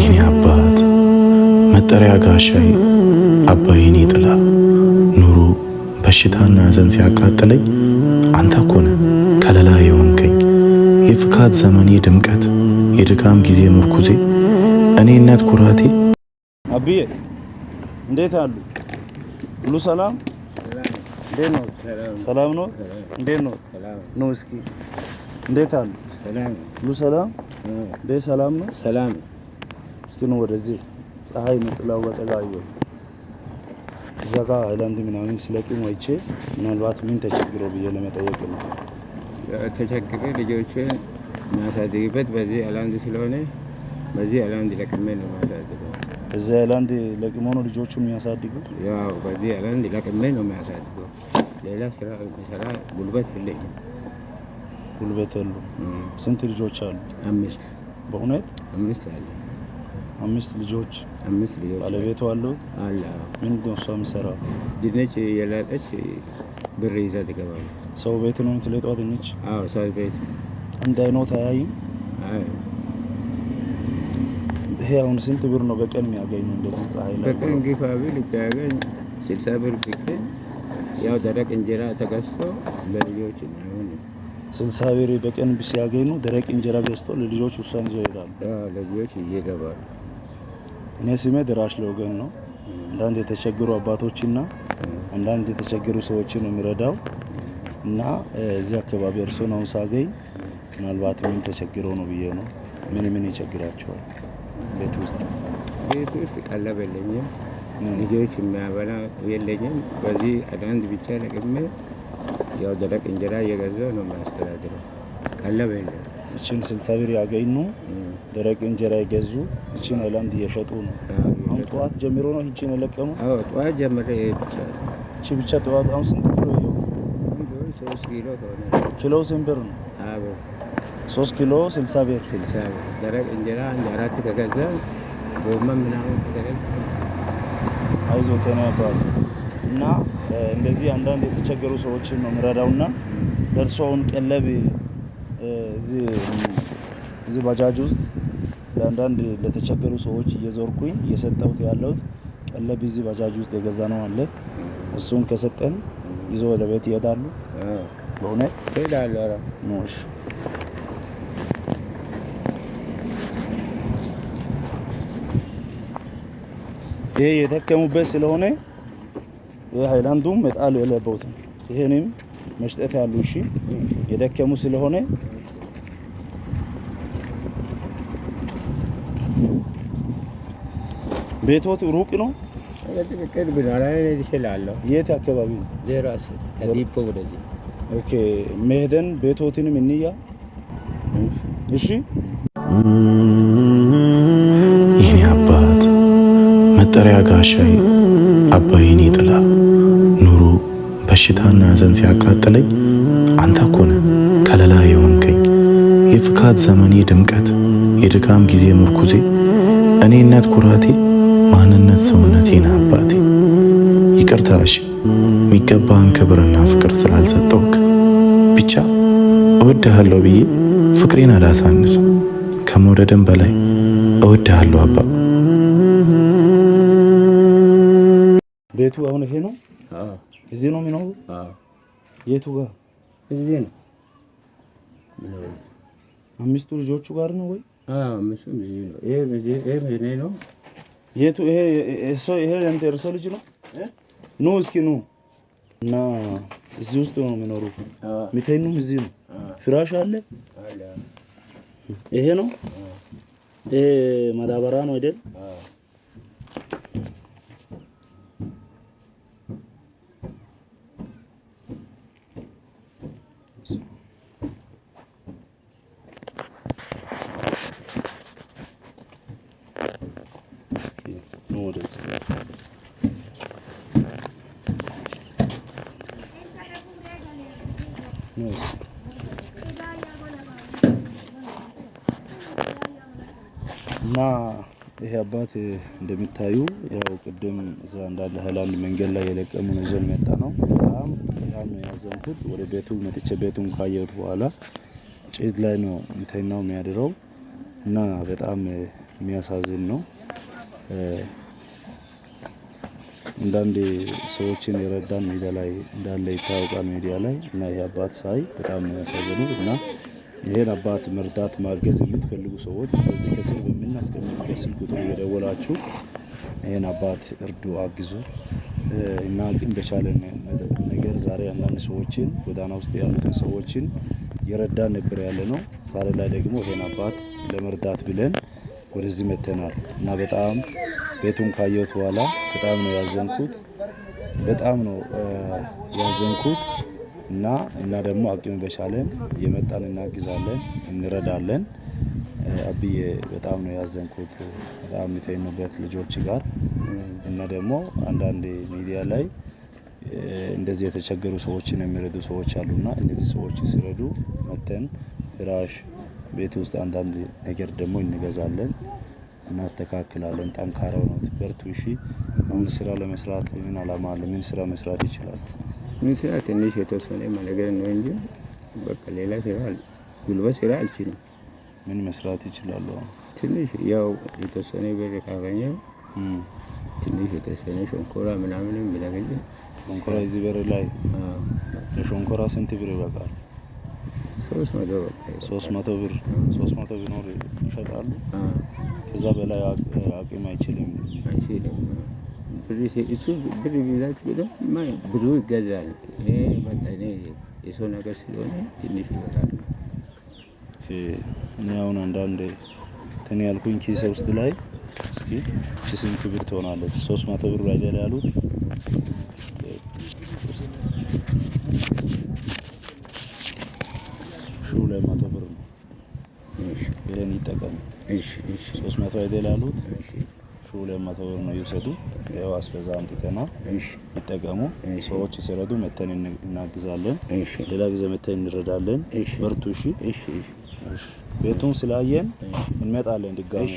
የኔ አባት መጠሪያ ጋሻይ አባ የኔ ጥላ ኑሮ በሽታና ሐዘን ሲያቃጥለኝ አንተ ኮነ ከለላ የሆንከኝ የፍካት ዘመኔ ድምቀት የድካም ጊዜ ምርኩዜ እኔነት ኩራቴ። አብዬ እንዴት አሉ? ሁሉ ሰላም እንዴት ነው? ሰላም ነው። እንዴት ነው? ነው እስኪ እንዴት አሉ? ሁሉ ሰላም እንዴ ሰላም ነው? ሰላም እስኪ ነው ወደዚህ ፀሐይ ነው ጥላው በጠጋዩ እዛ ጋ ሀይላንድ ምናምን ስለቂም አይቼ ምናልባት ምን ተቸግረ ብዬ ለመጠየቅ ነው። ተቸግረ ልጆችን ማሳደግበት በዚህ ሀይላንድ ስለሆነ በዚህ ሀይላንድ ለቅሜ ነው ማሳደገው። እዚህ ሀይላንድ ለቅሞ ነው ልጆቹ የሚያሳድጉ። ያው በዚህ ሀይላንድ ለቅሜ ነው የሚያሳድገው። ሌላ ስራ የሚሰራ ጉልበት የለኝም። ጉልበት ያሉ ስንት ልጆች አሉ? አምስት። በእውነት አምስት አለ። አምስት ልጆች አምስት ልጆች። ባለቤቱ አለው? አለ። ምን ነው እሷ የምትሰራው? ድንች የላጠች ብር ይዛ ትገባለች። ሰው ቤት ነው የምትለጧ ድንች? አዎ፣ ሰው ቤት እንዳይኖት አያይም። ይሄ አሁን ስንት ብር ነው በቀን የሚያገኙ? እንደዚህ ፀሐይ ላይ በቀን ግፋ ቢል ቢያገኝ ስልሳ ብር ቢገኝ ያው ደረቅ እንጀራ ተገዝቶ ለልጆች ስልሳ ብር በቀን ሲያገኙ ደረቅ እንጀራ ገዝቶ ለልጆች ውሳን ይዞ ይሄዳሉ። ለልጆች እየገባሉ። እኔ ስሜ ደራሽ ለወገን ነው። አንዳንድ የተቸገሩ አባቶችና አንዳንድ የተቸገሩ ሰዎችን ነው የሚረዳው እና እዚህ አካባቢ እርስዎን አሁን ሳገኝ ምናልባት ምን ተቸግረው ነው ብዬ ነው። ምን ምን ይቸግራቸዋል? ቤት ውስጥ ቤት ውስጥ ቀለብ የለኝም፣ ልጆች የሚያበላ የለኝም። በዚህ አንዳንድ ብቻ ለቅሜ ያው ደረቅ እንጀራ እየገዙ ነው የሚያስተዳድረው። ቀለብ የለም። እችን ስልሳ ብር ያገኙ ደረቅ እንጀራ የገዙ እችን ሀይላንድ እየሸጡ ነው። አሁን ጠዋት ጀምሮ ነው እችን የለቀሙ። ጠዋት ጀምሮ እቺ ብቻ ጠዋት። አሁን ስንት ኪሎ ኪሎ ስንት ብር ነው? ሶስት ኪሎ ስልሳ ብር። ስልሳ ብር ደረቅ እንጀራ አንድ አራት ከገዛ ጎመን ምናምን ከገዛ አይዞ ጤና ያባሉ እና እንደዚህ አንዳንድ የተቸገሩ ሰዎችን ነው የምረዳው እና ደርሶውን ቀለብ እዚህ ባጃጅ ውስጥ ለአንዳንድ ለተቸገሩ ሰዎች እየዞርኩኝ እየሰጠሁት ያለሁት ቀለብ እዚህ ባጃጅ ውስጥ የገዛ ነው አለ። እሱን ከሰጠን ይዞ ወደ ቤት ይሄዳሉ። በእውነት ይሄዳሉ። ኧረ ይሄ የተከሙበት ስለሆነ ሃይላንዱም መጣሉ የለበትም። ይሄንም መስጠት ያሉ እሺ፣ የደከሙ ስለሆነ ቤቶት ሩቅ ነው። ቅርብ ነው። እችላለሁ። የት አካባቢ ነው? ከዲፖ ወደዚህ። ኦኬ፣ መሄደን ቤቶትንም እንያ። እሺ የኔ አባት መጠሪያ ጋሻይ አባይን ጥላ በሽታና ሐዘን ሲያቃጥለኝ አንተ እኮ ነህ ከለላ የሆንከኝ የፍካት ዘመኔ ድምቀት፣ የድካም ጊዜ ምርኩዜ፣ እኔነት ኩራቴ፣ ማንነት ሰውነቴን አባቴ። ይቅርታሽ እሺ የሚገባህን ክብርና ፍቅር ስላልሰጠውክ ብቻ እወድሃለሁ ብዬ ፍቅሬን አላሳንስ! ከመውደድም በላይ እወድሃለሁ አባ። ቤቱ አሁን ይሄ ነው። እዚህ ነው የሚኖሩ? የቱ ጋር? እዚህ ነው አምስቱ ልጆቹ ጋር ነው ወይ? ይሄ ይሄ የቱ ይሄ ያንተ እርሶ ልጅ ነው? ኑ እስኪ ኑ እና እዚህ ውስጥ ነው የሚኖሩ። ሚተኙም እዚህ ነው። ፍራሽ አለ? ይሄ ነው። ይሄ ማዳበራ ነው አይደል? እና ይሄ አባት እንደሚታዩ ያው ቅድም እዛ እንዳለ ሀይላንድ መንገድ ላይ የለቀሙን ይዞ የሚመጣ ነው። በጣም በጣም ነው ያዘንኩት። ወደ ቤቱ መጥቼ ቤቱን ካየሁት በኋላ ጭድ ላይ ነው እንተኛው የሚያድረው እና በጣም የሚያሳዝን ነው። አንዳንድ ሰዎችን የረዳን ሚዲያ ላይ እንዳለ ይታወቃል ሚዲያ ላይ እና ይሄ አባት ሳይ በጣም ያሳዘኑ እና ይሄን አባት መርዳት ማገዝ የምትፈልጉ ሰዎች በዚህ ከስር በምናስቀምጥበት ስልክ ቁጥር እየደወላችሁ ይህን አባት እርዱ፣ አግዙ እና ግን በቻለን ነገር ዛሬ አንዳንድ ሰዎችን ጎዳና ውስጥ ያሉትን ሰዎችን የረዳን ነበር ያለ ነው። ዛሬ ላይ ደግሞ ይህን አባት ለመርዳት ብለን ወደዚህ መተናል እና በጣም ቤቱን ካየሁት በኋላ በጣም ነው ያዘንኩት። በጣም ነው ያዘንኩት እና እና ደግሞ አቅም በቻለን የመጣን እናግዛለን፣ እንረዳለን። አብዬ በጣም ነው ያዘንኩት። በጣም የተኙበት ልጆች ጋር እና ደግሞ አንዳንድ ሚዲያ ላይ እንደዚህ የተቸገሩ ሰዎችን የሚረዱ ሰዎች አሉና እነዚህ ሰዎች ሲረዱ መተን ፍራሽ ቤት ውስጥ አንዳንድ ነገር ደግሞ እንገዛለን። እናስተካክላለን። ጠንካራ ነው፣ በርቱ። እሺ፣ አሁን ስራ ለመስራት ምን አላማ አለ? ምን ስራ መስራት ይችላል? ምን ስራ? ትንሽ የተወሰነ ማለገር ነው እንጂ በቃ ሌላ ስራ ጉልበት ስራ አልችልም። ምን መስራት ይችላሉ? ትንሽ ያው የተወሰነ ብር ካገኘ ትንሽ የተወሰነ ሸንኮራ ምናምን ብላገኘ ሸንኮራ እዚህ በር ላይ ለሸንኮራ ስንት ብር ይበቃል? ሶስት መቶ ብር ሶስት መቶ ቢኖር ይሸጣሉ። ከዛ በላይ አቅም አይችልም። ብር ብዛት ብዙ ይገዛል። የሰው ነገር ስለሆነ ትንሽ ይወጣል። እኔ አሁን አንዳንድ ትን ያልኩኝ ኪሴ ውስጥ ላይ እስኪ ስንት ብር ትሆናለች? ሶስት መቶ ብር አይደል ያሉት ይጠቀሙ። ሶስት መቶ አይደል ያሉት ሁለት መቶ ብር ነው ይውሰዱ። ያው አስበዛ አምጥተናል ይጠቀሙ። ሰዎች ሲረዱ መተን እናግዛለን። ሌላ ጊዜ መተን እንረዳለን። በርቱ። ቤቱን ስላየን እንመጣለን ድጋሚ።